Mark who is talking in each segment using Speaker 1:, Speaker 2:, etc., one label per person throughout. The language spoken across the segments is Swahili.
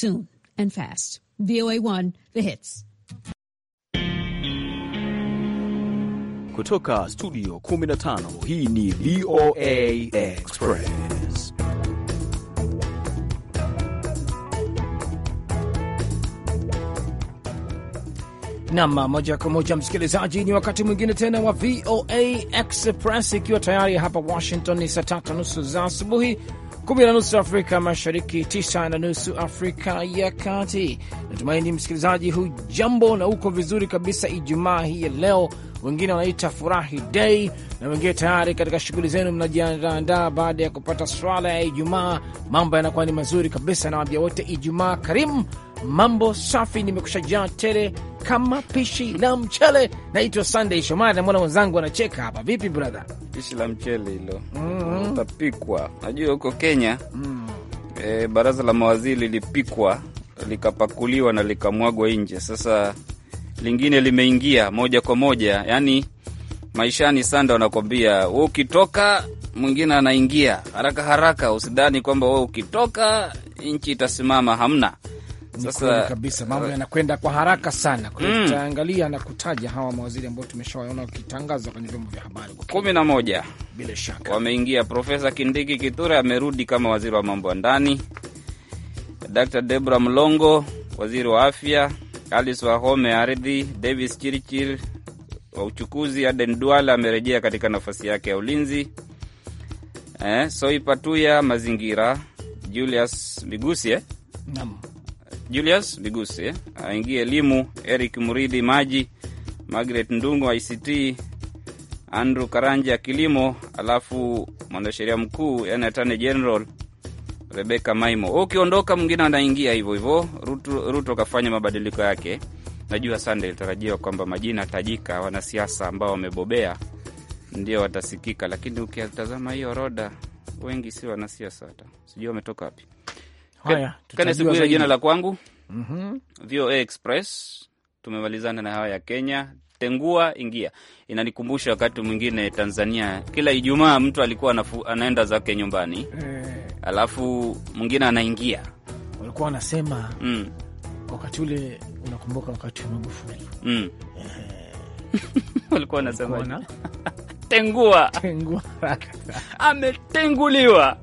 Speaker 1: soon and fast. VOA1, the hits.
Speaker 2: Kutoka studio 15, hii ni VOA Express.
Speaker 3: Nam moja kwa moja, msikilizaji, ni wakati mwingine tena wa VOA Express, ikiwa tayari hapa Washington ni saa tatu nusu za asubuhi kumi na nusu Afrika Mashariki, tisa na nusu Afrika ya Kati. Natumaini msikilizaji, hujambo na uko vizuri kabisa. Ijumaa hii ya leo, wengine wanaita furahi dei, na wengine tayari katika shughuli zenu mnajiandaandaa baada ya kupata swala ya Ijumaa. Mambo yanakuwa ni mazuri kabisa, nawambia wote, Ijumaa karimu Mambo safi, nimekushajaa tele kama pishi la mchele. Naitwa Sunday Shomari na mwenzangu anacheka hapa. Vipi brother?
Speaker 4: Pishi la mchele hilo mm-hmm. utapikwa. mm -hmm. Najua huko Kenya mm -hmm. e, baraza la mawaziri lilipikwa likapakuliwa na likamwagwa nje. Sasa lingine limeingia moja kwa moja, yani maishani. Sanda wanakwambia we ukitoka, mwingine anaingia haraka haraka, usidhani kwamba we ukitoka nchi itasimama. Hamna. Sasa kabisa mambo eh,
Speaker 3: yanakwenda kwa haraka sana. Mm. Tutaangalia mm, na kutaja hawa mawaziri ambao tumeshawaona wakitangaza kwenye vyombo vya habari
Speaker 4: kumi na moja bila shaka wameingia. Profesa Kindiki Kithure amerudi kama waziri wa mambo ya ndani, Dr Debra Mlongo waziri wa afya, Alice Wahome ardhi, Davis Chirichir wa uchukuzi, Aden Duala amerejea katika nafasi yake ya ulinzi, eh, Soi Patuya mazingira, Julius Migusie Julius Bigusi aingie elimu, Eric Muridi maji, Margaret Ndungu ICT, Andrew Karanja kilimo, alafu mwanasheria mkuu yani atane general Rebeka Maimo. Ukiondoka mwingine anaingia hivyo hivyo. Ruto, Ruto kafanya mabadiliko yake. Najua sande ilitarajiwa kwamba majina tajika wanasiasa ambao wamebobea ndio watasikika, lakini ukitazama hiyo orodha wengi si wanasiasa, hata sijui wametoka wapi.
Speaker 3: Haya, jina la kwangu mm -hmm.
Speaker 4: VOA Express. Tumemalizana na hawa ya Kenya. Tengua ingia, inanikumbusha wakati mwingine Tanzania, kila Ijumaa mtu alikuwa anafu, anaenda zake nyumbani eh, alafu mwingine anaingia,
Speaker 3: walikuwa wanasema mm. wakati ule unakumbuka, wakati wa Magufuli
Speaker 4: mm. eh. walikuwa wanasema ametengua ametenguliwa,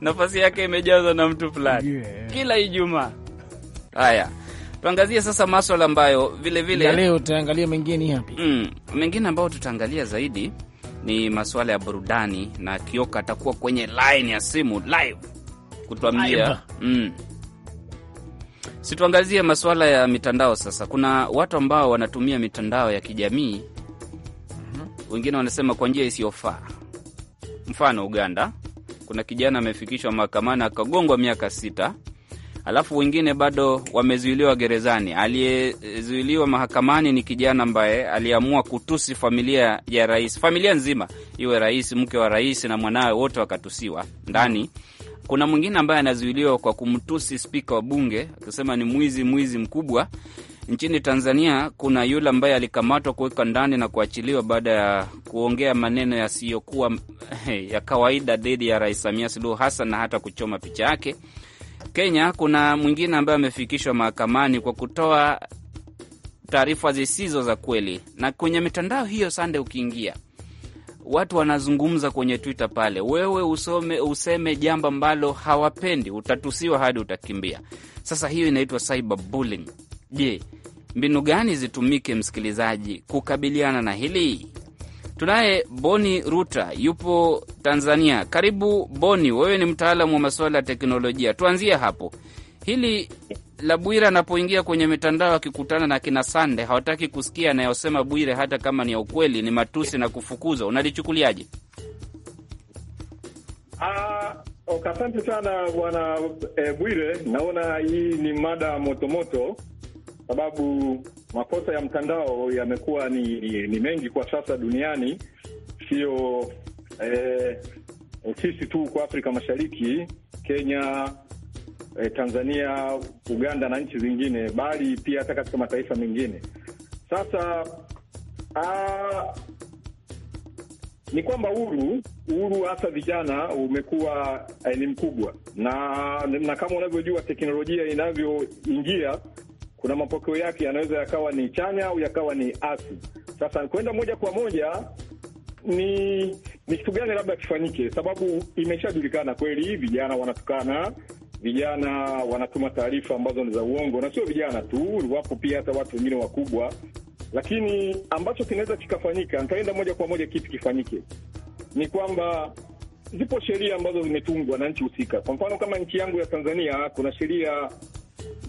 Speaker 4: nafasi yake imejazwa na mtu fulani yeah. Kila Ijumaa. Haya, tuangazie sasa maswala ambayo vilevile leo
Speaker 3: tutaangalia mengine hapa
Speaker 4: mm, mengine ambayo tutaangalia zaidi ni masuala ya burudani, na Kioka atakuwa kwenye line ya simu live kutuambia mm. Situangazie masuala ya mitandao sasa. Kuna watu ambao wanatumia mitandao ya kijamii wengine wanasema kwa njia isiyofaa. Mfano, Uganda kuna kijana amefikishwa mahakamani akagongwa miaka sita, alafu wengine bado wamezuiliwa gerezani. Aliyezuiliwa mahakamani ni kijana ambaye aliamua kutusi familia ya rais, familia nzima, iwe rais, mke wa rais na mwanawe, wote wakatusiwa ndani. Kuna mwingine ambaye anazuiliwa kwa kumtusi spika wa bunge akisema ni mwizi, mwizi mkubwa. Nchini Tanzania kuna yule ambaye alikamatwa kuweka ndani na kuachiliwa baada ya kuongea maneno yasiyokuwa eh, ya kawaida dhidi ya Rais Samia Suluhu Hassan na hata kuchoma picha yake. Kenya kuna mwingine ambaye amefikishwa mahakamani kwa kutoa taarifa zisizo za kweli, na kwenye mitandao hiyo Sande, ukiingia watu wanazungumza kwenye Twitter pale, wewe usome useme jambo ambalo hawapendi, utatusiwa hadi utakimbia. Sasa hiyo inaitwa cyber bullying. Je, mbinu gani zitumike, msikilizaji, kukabiliana na hili? Tunaye Boni Ruta, yupo Tanzania. Karibu Boni, wewe ni mtaalamu wa masuala ya teknolojia. Tuanzie hapo, hili la Bwire anapoingia kwenye mitandao akikutana na kina Sande hawataki kusikia anayosema Bwire, hata kama ni ya ukweli, ni matusi na kufukuza. Unalichukuliaje?
Speaker 2: Ah, asante sana bwana e, Bwire. Naona hii ni mada motomoto -moto sababu makosa ya mtandao yamekuwa ni, ni, ni mengi kwa sasa duniani, sio eh, sisi tu kwa Afrika Mashariki, Kenya, eh, Tanzania, Uganda na nchi zingine, bali pia hata katika mataifa mengine. Sasa a, ah, ni kwamba uhuru uhuru hasa vijana umekuwa eh, ni mkubwa na, na kama unavyojua teknolojia inavyoingia kuna mapokeo yake yanaweza yakawa ni chanya au yakawa ni asi. Sasa kwenda moja kwa moja ni ni kitu gani labda kifanyike, sababu imeshajulikana kweli vijana wanatukana, vijana wanatuma taarifa ambazo ni za uongo, na sio vijana tu, wapo pia hata watu wengine wakubwa. Lakini ambacho kinaweza kikafanyika, nitaenda moja kwa moja, kitu kifanyike ni kwamba zipo sheria ambazo zimetungwa na nchi husika. Kwa mfano kama nchi yangu ya Tanzania kuna sheria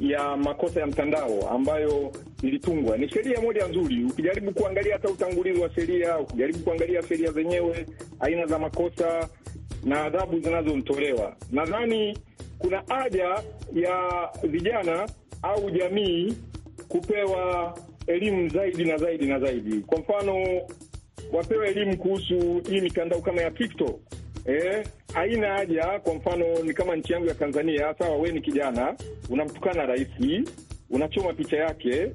Speaker 2: ya makosa ya mtandao ambayo ilitungwa. Ni sheria moja nzuri, ukijaribu kuangalia hata utangulizi wa sheria, ukijaribu kuangalia sheria zenyewe, aina za makosa na adhabu zinazomtolewa, nadhani kuna haja ya vijana au jamii kupewa elimu zaidi na zaidi na zaidi. Kwa mfano, wapewe elimu kuhusu hii mitandao kama ya TikTok eh haina haja. Kwa mfano ni kama nchi yangu ya Tanzania, sawa, we ni kijana unamtukana rais, unachoma picha yake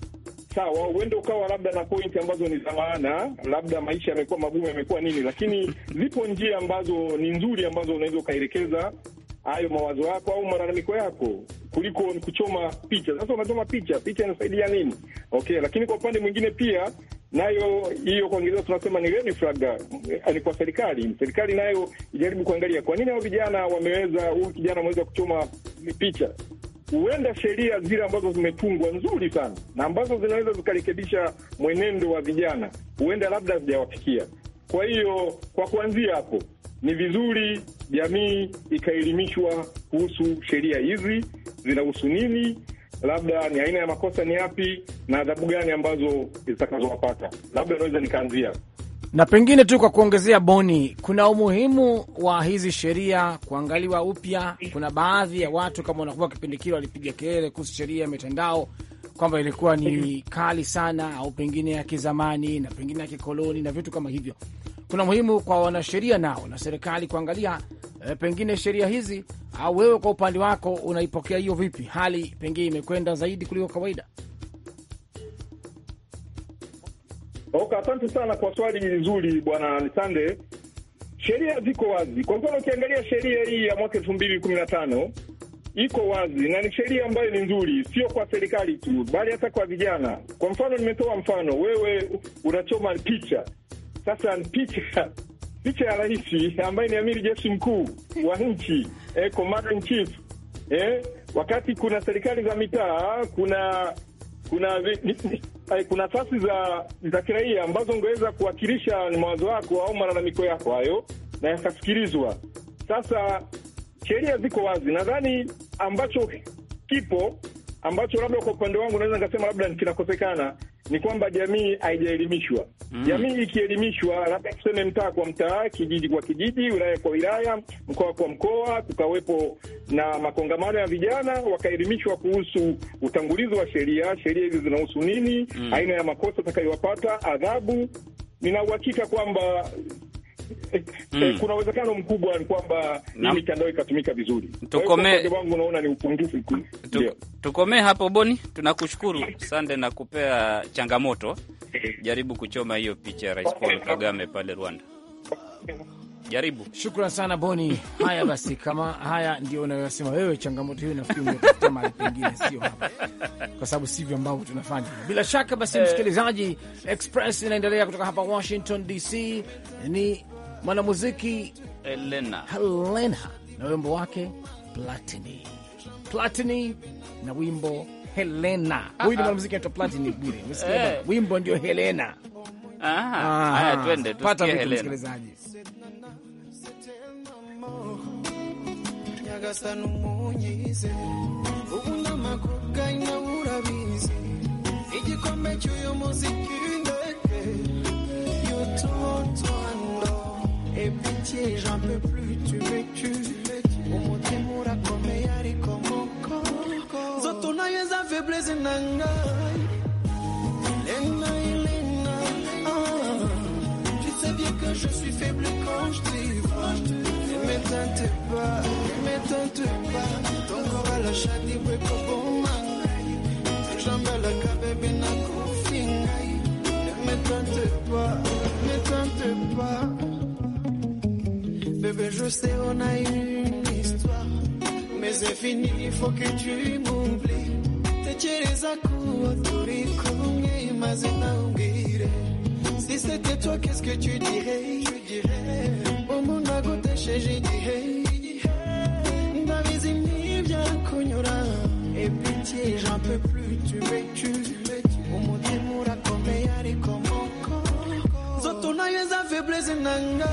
Speaker 2: sawa uende ukawa labda na pointi ambazo ni za maana, labda maisha yamekuwa magumu, yamekuwa nini, lakini zipo njia ambazo ni nzuri ambazo unaweza ukaelekeza hayo mawazo yako au malalamiko yako kuliko ni kuchoma picha. Sasa unachoma picha, picha inasaidia nini? Okay, lakini kwa upande mwingine pia nayo hiyo kwa Kiingereza tunasema ni red flag, eh, ni kwa serikali. Serikali nayo ijaribu kuangalia kwa nini hao vijana wameweza, huyu kijana ameweza kuchoma picha. Huenda sheria zile ambazo zimetungwa nzuri sana na ambazo zinaweza zikarekebisha mwenendo wa vijana, huenda labda zijawafikia. Kwa hiyo kwa kuanzia hapo, ni vizuri jamii ikaelimishwa kuhusu sheria hizi zinahusu nini labda ni aina ya makosa ni yapi na adhabu gani ambazo zitakazowapata. Labda naweza nikaanzia
Speaker 3: na pengine tu kwa kuongezea, Boni, kuna umuhimu wa hizi sheria kuangaliwa upya. Kuna baadhi ya watu kama wanakumbuka kipindi kile walipiga kelele kuhusu sheria ya mitandao kwamba ilikuwa ni kali sana, au pengine ya kizamani na pengine ya kikoloni na vitu kama hivyo. Kuna umuhimu kwa wanasheria nao na serikali kuangalia e, pengine sheria hizi au ah, wewe kwa upande wako unaipokea hiyo vipi? Hali pengine imekwenda zaidi kuliko kawaida.
Speaker 2: Okay, asante sana kwa swali zuri bwana Lisande. Sheria ziko wazi. Kwa mfano, ukiangalia sheria hii ya mwaka elfu mbili kumi na tano iko wazi na ni sheria ambayo ni nzuri, sio kwa serikali tu, bali hata kwa vijana. Kwa mfano, nimetoa mfano, wewe unachoma picha. Sasa picha picha ya rais ambaye ni amiri jeshi mkuu wa nchi eh, commander in chief eh, wakati kuna serikali za mitaa, kuna kuna eh, kuna asasi za za kiraia ambazo ungeweza kuwakilisha mawazo yako au malalamiko yako hayo na yakasikilizwa. Sasa sheria ziko wazi, nadhani ambacho kipo ambacho labda kwa upande wangu naweza nikasema labda kinakosekana ni kwamba jamii haijaelimishwa. Mm. Jamii ikielimishwa, labda tuseme mtaa kwa mtaa, kijiji kwa kijiji, wilaya kwa wilaya, mkoa kwa mkoa, kukawepo na makongamano ya vijana, wakaelimishwa kuhusu utangulizi wa sheria, sheria hizi zinahusu nini, mm. aina ya makosa atakayowapata, adhabu, nina uhakika kwamba mm. eh, kuna uwezekano mkubwa ni kwamba hii mitandao ikatumika vizuri. Tukomee wangu, naona ni upungufu tu. yeah.
Speaker 4: Tukomee hapo Boni, tunakushukuru sande na kupea changamoto. Jaribu kuchoma hiyo picha ya Rais Paul Kagame pale Rwanda. Jaribu.
Speaker 3: Shukran sana Boni. Haya basi, kama haya ndio unayosema wewe, changamoto hiyo nafikiri umetafuta mahali pengine,
Speaker 1: sio hapa, kwa
Speaker 3: sababu sivyo ambavyo tunafanya. Bila shaka basi, eh, msikilizaji, Express inaendelea kutoka hapa Washington DC. Ni mwanamuziki Helena, Helena na wimbo wake Platini, Platini na wimbo Helena. Huyu ni ah, ah. mwanamuziki anaitwa Platini Bwire, umesikia? Eh. Wimbo ndio Helena. Ah, ah Haya, twende tusikie Helena. pata vitu msikilizaji
Speaker 5: Et pitié, j'en peux plus, tu me tues. Umutima urakomeye ariko nk'uko Zotona, unaweza faiblesse nanga Lena, Elena, ah, tu sais bien que je suis faible quand je t'y vois. Ne m'éteinte pas, ne m'éteinte pas, ton corps à la chadiwe J'en Jamba la bien à kofinga, ne m'éteinte pas, ne m'éteinte pas. Bébé, je sais, on a une histoire. Mais c'est fini, il faut que tu m'oublies. Techereza kuwa tulikumye maze Si c'était toi, qu'est-ce que tu dirais? Je dirais. Umuntu agutesheje igihe. Ndabizi ntibyakunyura. Et pitié, j'en peux plus, tu m'es umutima urakomeye ariko nk'uko zo tunayeza faiblesse nanga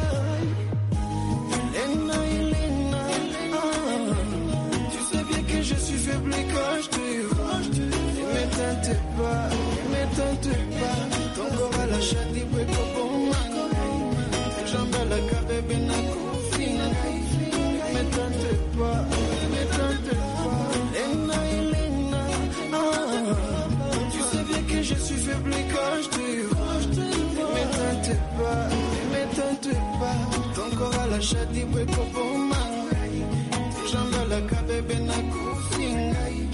Speaker 5: na kufingai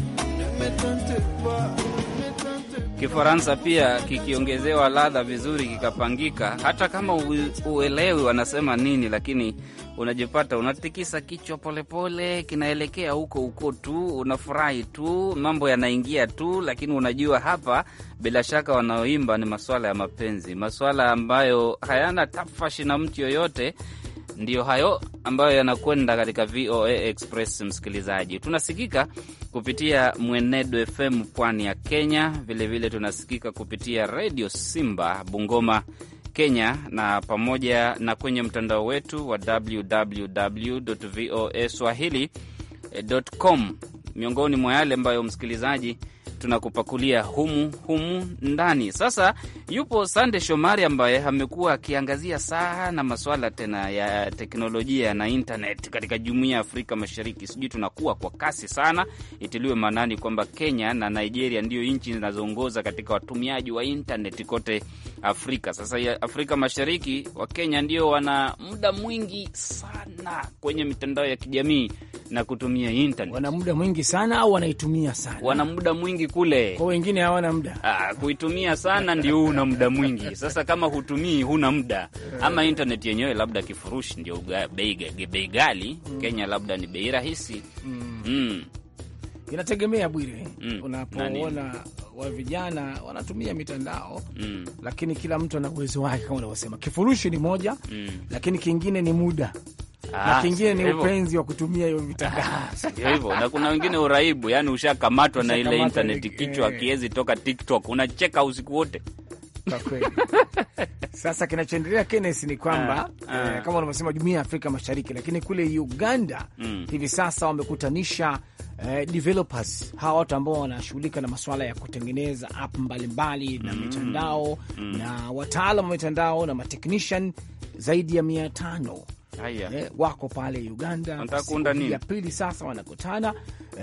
Speaker 4: Kifaransa pia kikiongezewa ladha vizuri, kikapangika, hata kama uelewi wanasema nini, lakini unajipata unatikisa kichwa polepole, kinaelekea huko huko tu, unafurahi tu, mambo yanaingia tu, lakini unajua hapa, bila shaka wanaoimba ni maswala ya mapenzi, maswala ambayo hayana tafashi na mtu yoyote Ndiyo hayo ambayo yanakwenda katika VOA Express. Msikilizaji, tunasikika kupitia Mwenedo FM pwani ya Kenya, vilevile vile tunasikika kupitia Redio Simba Bungoma, Kenya, na pamoja na kwenye mtandao wetu wa www voa swahili com, miongoni mwa yale ambayo msikilizaji tunakupakulia humu humu ndani. Sasa yupo Sande Shomari ambaye amekuwa akiangazia sana maswala tena ya teknolojia na internet katika jumuiya ya Afrika Mashariki. Sijui tunakuwa kwa kasi sana, itiliwe maanani kwamba Kenya na Nigeria ndiyo nchi zinazoongoza katika watumiaji wa internet kote Afrika. Sasa Afrika Mashariki, Wakenya ndio wana muda mwingi sana kwenye mitandao ya kijamii na kutumia internet. Wana
Speaker 3: muda mwingi sana au wanaitumia sana?
Speaker 4: Wana muda mwingi kule. Kwa wengine hawana muda. Ah, kuitumia sana ndio una muda mwingi. Sasa kama hutumii huna muda ama internet yenyewe labda kifurushi ndio bei ghali, mm. Kenya
Speaker 3: labda ni bei rahisi. Mm. Mm. Inategemea Bwire, mm. unapoona wa vijana wanatumia mitandao mm. lakini kila mtu ana uwezo wake, kama unavyosema, kifurushi ni moja mm. lakini kingine ni muda Ah, na kingine ni upenzi wa kutumia hiyo vitangazo
Speaker 4: ah, hivyo, na kuna wengine uraibu, yani ushakamatwa na ile intaneti, kichwa eh. kiezi toka TikTok, unacheka usiku wote.
Speaker 3: Sasa kinachoendelea Kenneth, ni kwamba ah, eh, kama unavyosema jumuia ya Afrika Mashariki, lakini kule Uganda mm, hivi sasa wamekutanisha eh, developers hawa watu ambao wanashughulika na masuala ya kutengeneza app mbalimbali na mm, mitandao mm, na wataalam wa mitandao na matechnician zaidi ya mia tano eh, wako pale Uganda ya pili sasa wanakutana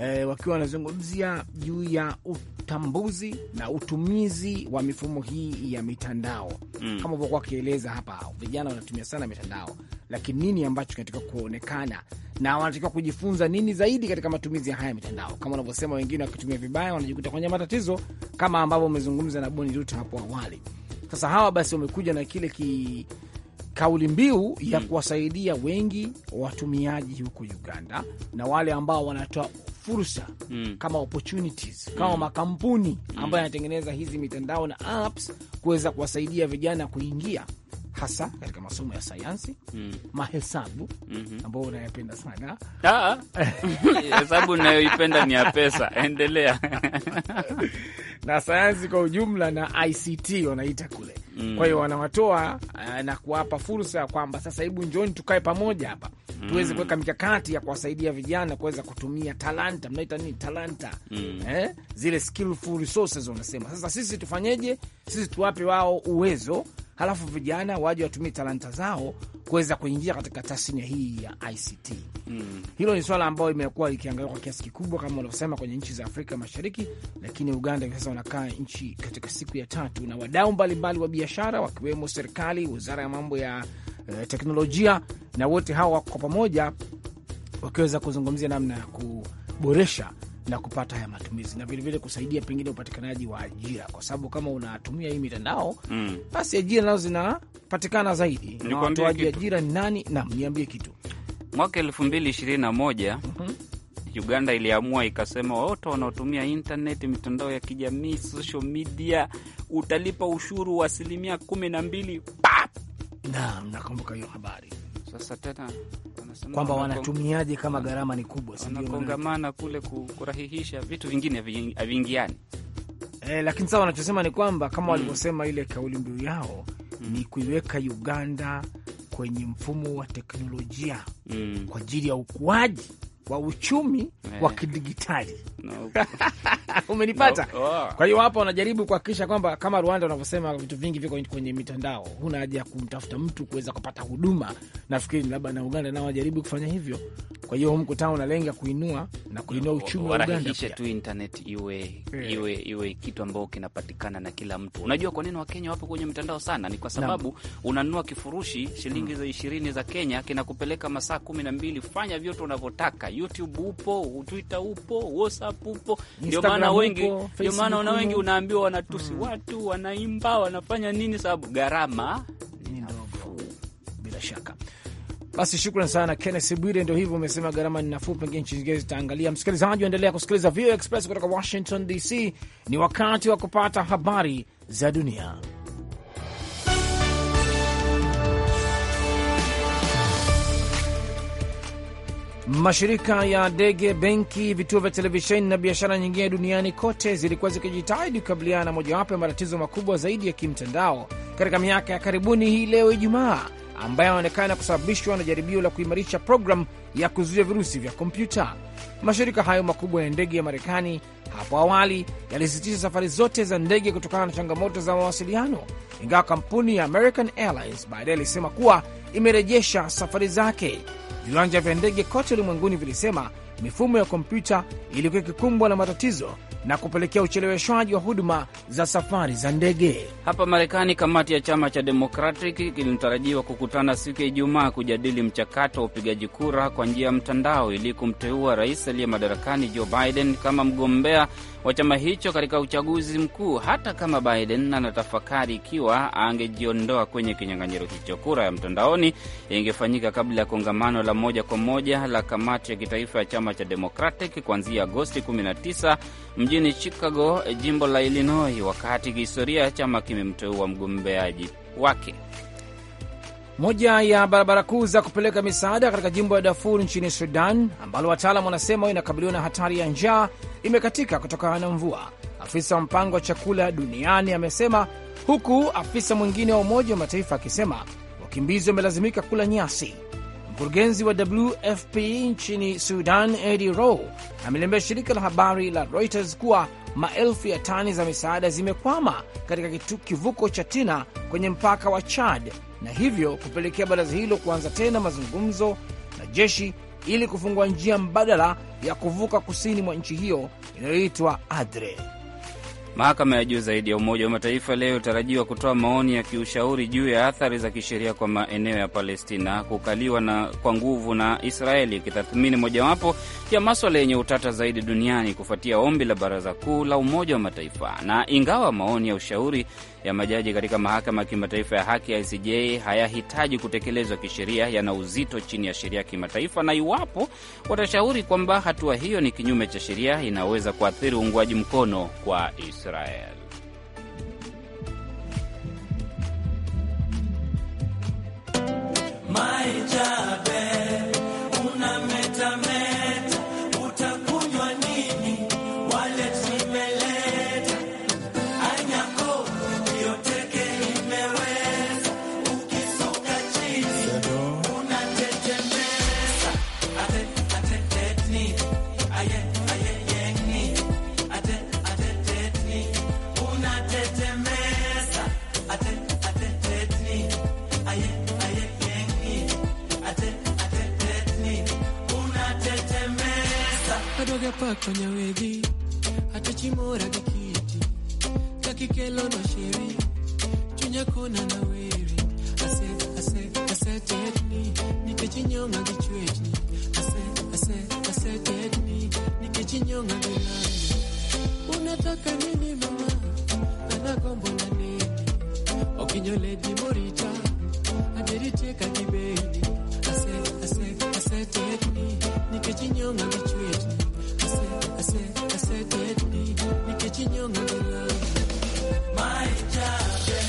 Speaker 3: eh, wakiwa wanazungumzia juu ya utambuzi na utumizi wa mifumo hii ya mitandao mm. Kama vokuwa wakieleza hapa, vijana wanatumia sana mitandao, lakini nini ambacho kinatakiwa kuonekana na wanatakiwa kujifunza nini zaidi katika matumizi ya haya mitandao. Kama wanavyosema wengine wakitumia vibaya wanajikuta kwenye matatizo kama ambavyo umezungumza na Boni Ruta hapo awali. Sasa hawa basi wamekuja na kile ki kauli mbiu ya hmm. kuwasaidia wengi watumiaji huko Uganda na wale ambao wanatoa fursa hmm, kama opportunities hmm. kama makampuni hmm. ambayo yanatengeneza hizi mitandao na apps kuweza kuwasaidia vijana kuingia hasa katika masomo ya sayansi mm. mahesabu mm -hmm. ambao unayapenda sana. Ah, ah. Hesabu unayoipenda ni ya pesa.
Speaker 4: Endelea
Speaker 3: na sayansi kwa ujumla na ICT wanaita kule mm. kwa hiyo wanawatoa eh, na kuwapa fursa ya kwamba sasa, hebu njoni tukae pamoja hapa mm. tuweze kuweka mikakati ya kuwasaidia vijana kuweza kutumia talanta, mnaita nini talanta mm. eh? zile skillful resources wanasema. Sasa sisi tufanyeje? Sisi tuwape wao uwezo halafu vijana waje watumie talanta zao kuweza kuingia katika tasnia hii ya ICT. Mm. Hilo ni swala ambayo imekuwa ikiangaliwa kwa kiasi kikubwa kama walivyosema kwenye nchi za Afrika Mashariki, lakini Uganda hivi sasa wanakaa nchi katika siku ya tatu, na wadau mbalimbali wa biashara wakiwemo serikali, wizara ya mambo ya eh, teknolojia na wote hawa wako kwa pamoja wakiweza kuzungumzia namna ya kuboresha na kupata haya matumizi na vilevile kusaidia pengine upatikanaji wa ajira, kwa sababu kama unatumia hii mitandao mm, basi ajira nazo zinapatikana zaidi. Na watoaji ajira ni nani? Nam, niambie kitu.
Speaker 4: Mwaka elfu mbili ishirini na moja mhm. Uganda iliamua ikasema, wote wanaotumia intnet mitandao ya kijamii, social media utalipa ushuru wa asilimia kumi na mbili.
Speaker 3: Naam, nakumbuka hiyo habari. Sasa tena kwamba wanatumiaje kama gharama ni kubwa, wanakongamana
Speaker 4: kule kurahihisha vitu vingine haviingiani.
Speaker 3: E, lakini sasa wanachosema ni kwamba kama mm. walivyosema ile kauli mbiu yao mm. ni kuiweka Uganda kwenye mfumo wa teknolojia
Speaker 4: mm. kwa ajili
Speaker 3: ya ukuaji wa uchumi hey, eh. wa kidigitali no. Umenipata no. Oh. Kwa hiyo hapa wanajaribu kuhakikisha kwamba kama Rwanda wanavyosema vitu vingi viko kwenye mitandao, huna haja ya kumtafuta mtu kuweza kupata huduma. Nafikiri labda na Uganda nao wajaribu kufanya hivyo. Kwa hiyo mkutano unalenga kuinua na kuinua uchumi wa Uganda,
Speaker 4: tu internet iwe yeah, iwe iwe kitu ambao kinapatikana na kila mtu. Unajua kwa nini Wakenya wapo kwenye mitandao sana? Ni kwa sababu unanunua kifurushi shilingi mm. za ishirini za Kenya kinakupeleka masaa kumi na mbili, fanya vyote unavyotaka YouTube upo, Twitter upo, WhatsApp upo, ndio maana wengi, ndio maana una wengi unaambiwa wanatusi mm. watu wanaimba wanafanya nini, sababu gharama
Speaker 3: ni ndogo. Bila shaka basi shukran sana Kennes Bwire. Ndio hivyo umesema, gharama ni nafuu, pengine nchi zingine zitaangalia. Msikilizaji, waendelea kusikiliza VOA Express kutoka Washington DC. Ni wakati wa kupata habari za dunia. Mashirika ya ndege, benki, vituo vya televisheni na biashara nyingine duniani kote zilikuwa zikijitahidi kukabiliana na mojawapo ya matatizo makubwa zaidi ya kimtandao katika miaka ya karibuni, hii leo Ijumaa, ambayo yanaonekana kusababishwa na jaribio la kuimarisha programu ya kuzuia virusi vya kompyuta. Mashirika hayo makubwa ya ndege ya Marekani hapo awali yalisitisha safari zote za ndege kutokana na changamoto za mawasiliano, ingawa kampuni ya American Airlines baadaye ilisema kuwa imerejesha safari zake viwanja vya ndege kote ulimwenguni vilisema mifumo ya kompyuta ilikuwa ikikumbwa na matatizo na kupelekea ucheleweshwaji wa huduma za safari za ndege.
Speaker 4: Hapa Marekani, kamati ya chama cha Democratic kilitarajiwa kukutana siku ya Ijumaa kujadili mchakato wa upigaji kura kwa njia ya mtandao ili kumteua rais aliye madarakani Joe Biden kama mgombea wa chama hicho katika uchaguzi mkuu, hata kama Biden anatafakari ikiwa angejiondoa kwenye kinyang'anyiro hicho. Kura ya mtandaoni ingefanyika kabla ya kongamano la moja kwa moja la kamati ya kitaifa ya chama cha Democratic kuanzia Agosti 19 mjini Chicago, jimbo la Illinois, wakati kihistoria chama kimemteua mgombeaji wake.
Speaker 3: Moja ya barabara kuu za kupeleka misaada katika jimbo la Darfur nchini Sudan, ambalo wataalam wanasema inakabiliwa na hatari ya njaa, imekatika kutokana na mvua, afisa wa mpango wa chakula duniani amesema, huku afisa mwingine wa Umoja wa Mataifa akisema wakimbizi wamelazimika kula nyasi. Mkurugenzi wa WFP nchini Sudan, Eddie Rowe, ameliambia shirika la habari la Reuters kuwa maelfu ya tani za misaada zimekwama katika kivuko cha Tina kwenye mpaka wa Chad na hivyo kupelekea baraza hilo kuanza tena mazungumzo na jeshi ili kufungua njia mbadala ya kuvuka kusini mwa nchi hiyo inayoitwa Adre.
Speaker 4: Mahakama ya juu zaidi ya Umoja wa Mataifa leo itarajiwa kutoa maoni ya kiushauri juu ya athari za kisheria kwa maeneo ya Palestina kukaliwa na kwa nguvu na Israeli, ikitathmini mojawapo ya maswala yenye utata zaidi duniani kufuatia ombi la Baraza Kuu la Umoja wa Mataifa. Na ingawa maoni ya ushauri ya majaji katika mahakama ya kimataifa ya haki ya ICJ hayahitaji kutekelezwa kisheria, yana uzito chini ya sheria ya kimataifa, na iwapo watashauri kwamba hatua hiyo ni kinyume cha sheria, inaweza kuathiri uungwaji mkono kwa Israel.
Speaker 6: My job,
Speaker 5: pako nyawedhi ata chimora gi kiti kakikelo no sheri chunya kona na weri ase ase ase tetni nikech inyonga gi chwechni ase ase ase tetni nikech inyonga gi lani unataka nini mama anagombo na nini okinyole di morita aderi teka gibeni ase ase ase tetni nikech inyonga gi chwechni I said, I said, let me, me catching
Speaker 6: young again. My job.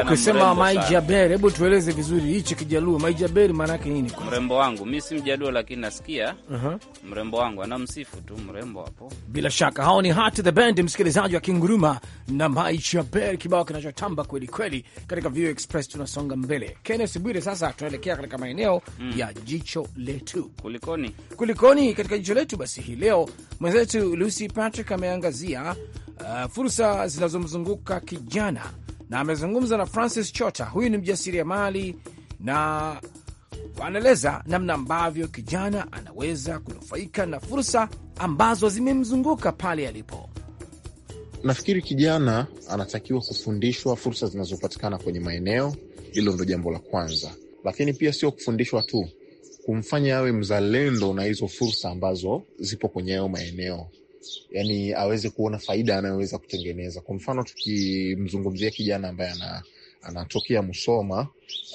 Speaker 4: Ukisema Maijaber,
Speaker 3: hebu tueleze vizuri hichi Kijaluo Maijaber maana yake nini?
Speaker 4: Mrembo wangu mimi si Mjaluo, lakini nasikia uh -huh. Mrembo wangu anamsifu tu mrembo
Speaker 3: hapo. Bila shaka hao ni Heart the Band, msikilizaji wa Kinguruma na Maijaber, kibao kinachotamba kweli kweli katika View Express. Tunasonga mbele, Kenneth Bwire, sasa tunaelekea katika maeneo mm. ya jicho letu. Kulikoni, kulikoni katika jicho letu. Basi hii leo mwenzetu Lucy Patrick ameangazia uh, fursa zinazomzunguka kijana na amezungumza na Francis Chota, huyu ni mjasiriamali na anaeleza namna ambavyo kijana anaweza kunufaika na fursa ambazo
Speaker 7: zimemzunguka pale alipo. Nafikiri kijana anatakiwa kufundishwa fursa zinazopatikana kwenye maeneo, hilo ndo jambo la kwanza, lakini pia sio kufundishwa tu, kumfanya awe mzalendo na hizo fursa ambazo zipo kwenye hayo maeneo yani aweze kuona faida anayoweza kutengeneza. Kwa mfano tukimzungumzia kijana ambaye ana anatokea Musoma,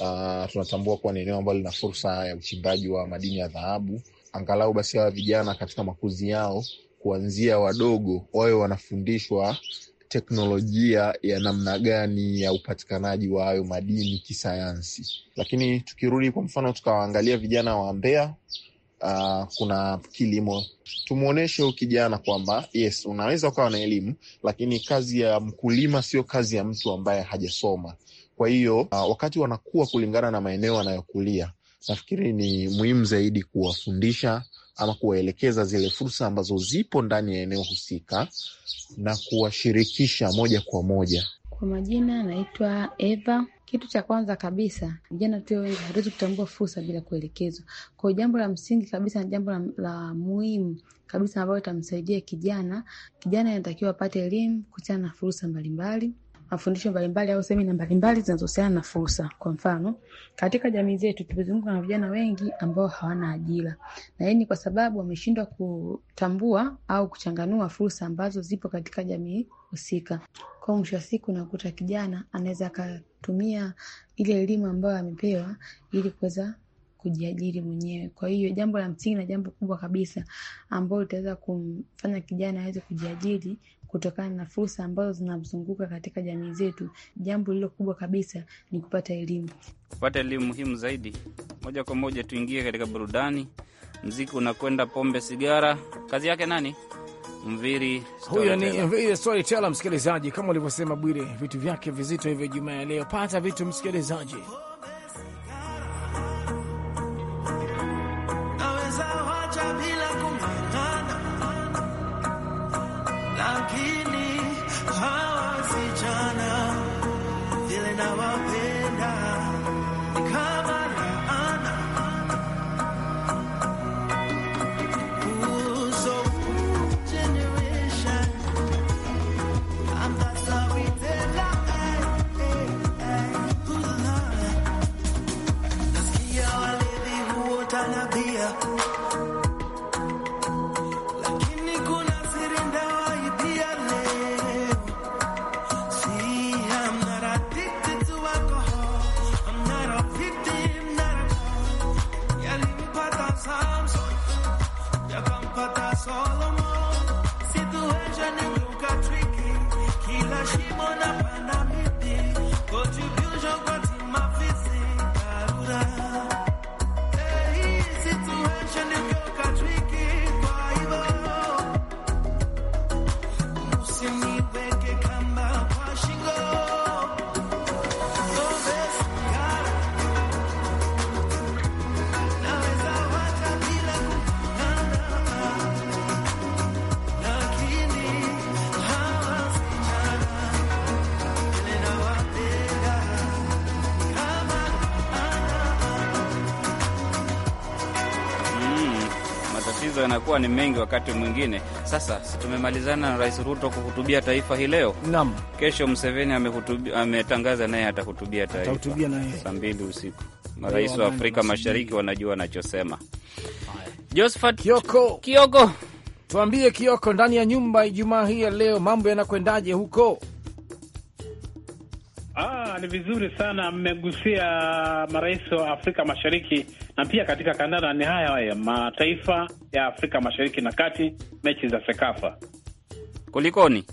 Speaker 7: uh, tunatambua kuwa ni eneo ambalo lina fursa ya uchimbaji wa madini ya dhahabu. Angalau basi hawa vijana katika makuzi yao kuanzia wadogo wawe wanafundishwa teknolojia ya namna gani ya upatikanaji wa hayo madini kisayansi. Lakini tukirudi kwa mfano tukawaangalia vijana wa Mbeya uh, kuna kilimo. Tumwonyeshe huu kijana kwamba yes, unaweza ukawa na elimu, lakini kazi ya mkulima sio kazi ya mtu ambaye hajasoma. Kwa hiyo uh, wakati wanakuwa kulingana na maeneo anayokulia, nafikiri ni muhimu zaidi kuwafundisha ama kuwaelekeza zile fursa ambazo zipo ndani ya eneo husika na kuwashirikisha moja kwa moja.
Speaker 4: Kwa majina, anaitwa Eva kitu cha kwanza kabisa, vijana tu wengi, hatuwezi kutambua fursa bila kuelekezwa. Kwa jambo la msingi kabisa na jambo la, la muhimu kabisa ambalo litamsaidia kijana, kijana anatakiwa apate elimu kuhusiana na fursa mbalimbali mafundisho mbalimbali au semina mbalimbali zinazohusiana na fursa. Kwa mfano, katika jamii zetu tumezungukwa na vijana wengi ambao hawana ajira, na hii ni kwa sababu wameshindwa kutambua au kuchanganua fursa ambazo zipo katika jamii husika. Kwa mwisho wa siku unakuta kijana anaweza akatumia ile elimu ambayo amepewa ili kuweza kujiajiri mwenyewe. Kwa hiyo jambo la msingi na jambo kubwa kabisa ambalo litaweza kumfanya kijana aweze kujiajiri kutokana na fursa ambazo zinamzunguka katika jamii zetu, jambo lililo kubwa kabisa ni kupata elimu. Kupata elimu muhimu zaidi. Moja kwa moja tuingie katika burudani. Mziki unakwenda pombe, sigara. Kazi yake nani? Mviri huyo ni Mviri
Speaker 3: Storyteller. Msikilizaji, kama ulivyosema Bwire, vitu vyake vizito hivyo Jumaa ya leo. Pata vitu msikilizaji
Speaker 4: matatizo yanakuwa ni mengi wakati mwingine. Sasa tumemalizana na Rais Ruto kuhutubia taifa hii leo. Naam, kesho Mseveni ametangaza naye atahutubia taifa saa mbili usiku. Marais wa Afrika Mashariki
Speaker 3: wanajua wanachosema. Josephat Kioko, Kioko, tuambie Kioko, ndani ya nyumba Ijumaa hii ya leo mambo yanakwendaje huko?
Speaker 1: Ah, ni vizuri sana mmegusia marais wa Afrika Mashariki na pia katika kandanda ni haya haya mataifa ya Afrika Mashariki na Kati, mechi za Sekafa. Kulikoni?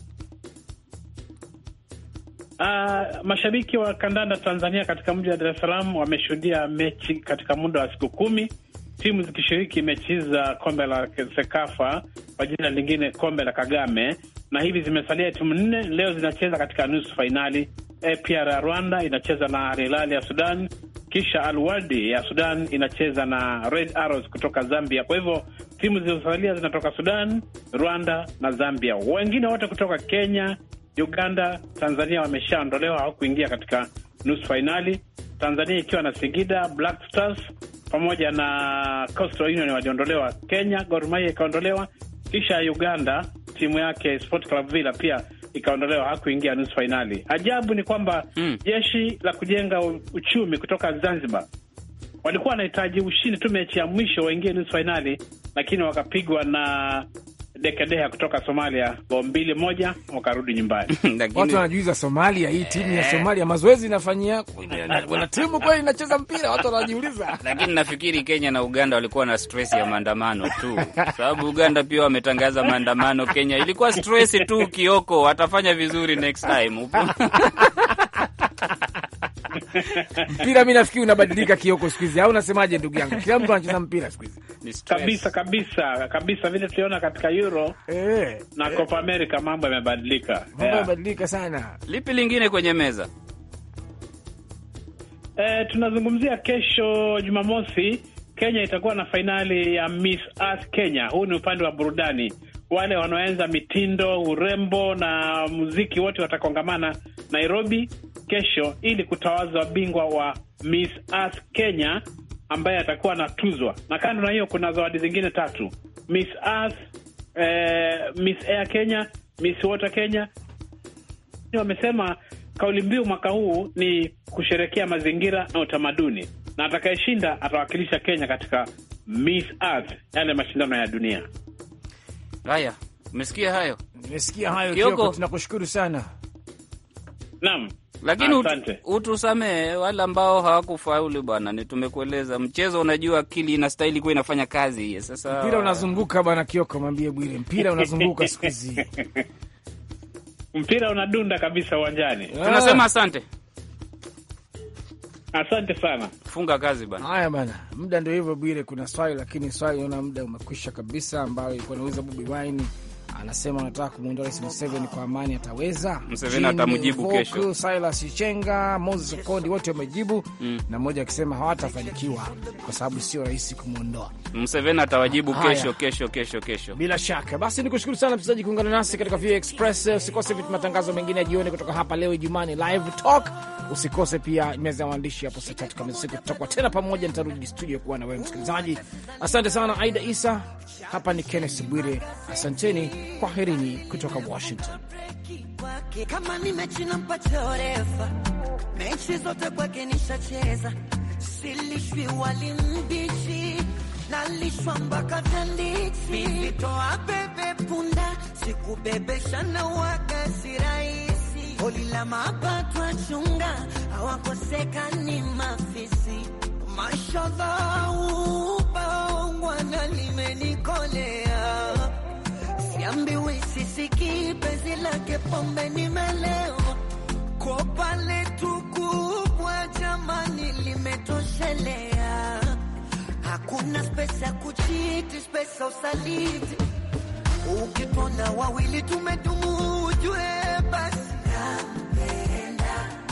Speaker 1: Ah, mashabiki wa kandanda Tanzania katika mji wa Dar es Salaam wameshuhudia mechi katika muda wa siku kumi timu zikishiriki mechi za kombe la Sekafa kwa jina lingine kombe la Kagame na hivi zimesalia timu nne, leo zinacheza katika nusu fainali. APR ya Rwanda inacheza na Al Hilal ya Sudan, kisha Al Wadi ya Sudan inacheza na Red Arrows kutoka Zambia. Kwa hivyo timu zilizosalia zinatoka Sudan, Rwanda na Zambia. Wengine wote kutoka Kenya, Uganda, Tanzania wameshaondolewa au kuingia katika nusu fainali, Tanzania ikiwa na Singida Black Stars pamoja na Coastal Union waliondolewa. Kenya Gor Mahia ikaondolewa, kisha Uganda timu yake Sport Club Villa pia ikaondolewa, hakuingia nusu fainali. Ajabu ni kwamba mm. jeshi la kujenga uchumi kutoka Zanzibar walikuwa wanahitaji ushindi tu mechi ya mwisho waingie nusu fainali, lakini wakapigwa na Dekedea kutoka Somalia bao mbili moja, wakarudi nyumbani. Watu
Speaker 3: Somalia, hii timu ya eh. Somalia mazoezi inafanyia, wana timu kweli inacheza mpira? Watu wanajiuliza. Lakini nafikiri
Speaker 4: Kenya na Uganda walikuwa na stress ya maandamano tu, sababu Uganda pia wametangaza maandamano. Kenya ilikuwa stress tu, Kioko watafanya vizuri next time
Speaker 3: mpira mi nafikiri unabadilika, Kioko, siku hizi au unasemaje, ndugu yangu? Kila mtu anacheza mpira siku hizi
Speaker 1: kabisa kabisa kabisa, vile tuliona katika Euro eh, na eh, Copa America mambo yamebadilika, mambo yamebadilika sana. Lipi lingine kwenye meza? Eh, tunazungumzia kesho Jumamosi, Kenya itakuwa na fainali ya Miss Earth Kenya. Huu ni upande wa burudani, wale wanaoenza mitindo, urembo na muziki wote watakongamana Nairobi kesho ili kutawaza bingwa wa Miss Earth Kenya ambaye atakuwa anatuzwa, na kando na hiyo kuna zawadi zingine tatu: Miss Earth, eh, Miss Air Kenya, Miss Water Kenya. Wamesema kauli mbiu mwaka huu ni kusherekea mazingira na utamaduni, na atakayeshinda atawakilisha Kenya katika Miss Earth, yale mashindano ya dunia.
Speaker 3: Haya, umesikia hayo? Umesikia hayo Kioko, tunakushukuru sana.
Speaker 1: Naam.
Speaker 4: Lakini ut, utusamee wale ambao hawakufaulu bwana, ni tumekueleza mchezo, unajua akili inastahili kuwa inafanya kazi hiyo. Sasa mpira
Speaker 3: unazunguka bwana Kioko, mwambie Bwire, mpira unazunguka siku hizi
Speaker 1: mpira unadunda kabisa uwanjani. Ah. Tunasema asante, asante sana, funga kazi bana.
Speaker 3: Haya ndo muda ndio hivyo Bwire, kuna swali lakini swali, naona muda umekwisha kabisa, ambayo ilikuwa nauliza Bobi Wine anasema anataka kumwondoa Rais Museveni kwa amani. Ataweza? Museveni atamjibu kesho. Silas Chenga, Moses Okondi wote wamejibu mm, na mmoja akisema hawatafanikiwa kwa sababu sio rahisi kumwondoa
Speaker 4: Museveni. Atawajibu kesho, kesho, kesho, kesho, bila
Speaker 3: shaka. Basi ni kushukuru sana msikilizaji kuungana nasi katika VOA Express. Usikose vitu matangazo mengine ya jioni kutoka hapa leo Ijumaani Live Talk. Usikose pia meza ya waandishi hapo saa tatu kamili usiku, tutakuwa tena pamoja, nitarudi studio kuwa na wewe msikilizaji. Asante sana Aida Isa. Hapa ni Kenneth Bwire, asanteni, kwaherini kutoka Washington.
Speaker 6: Kama ni mechi nampa chorefa, mechi zote kwake nishacheza, silishwi wali mbichi, nalishwa mpaka tanditi, nitoa bebe punda, sikubebesha na waga sirahisi, holi la mapato achunga, hawakosekani mafisi mashodha upaongwa umenikolea, siambiwi sisiki penzi lake pombe nimelewa, kwa pale tu jamani, limetoshelea. Hakuna spesa ya kuchiti, spesa usaliti, ukitona wawili tumedumu, ujue basi